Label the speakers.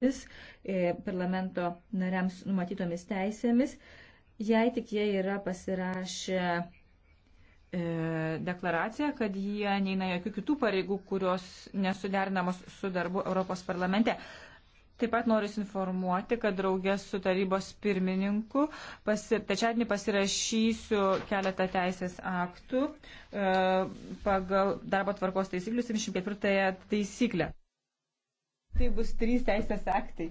Speaker 1: E, parlamento nariams numatytomis teisėmis, jei tik jie yra pasirašę e, deklaraciją, kad jie neina jokių kitų pareigų, kurios nesuderinamos su darbu Europos parlamente. Taip pat noriu informuoti, kad draugės su tarybos pirmininku pasi, tačiadienį pasirašysiu keletą teisės aktų e, pagal
Speaker 2: darbo tvarkos taisyklių 74 taisyklę. Tai bus trys teisės aktai.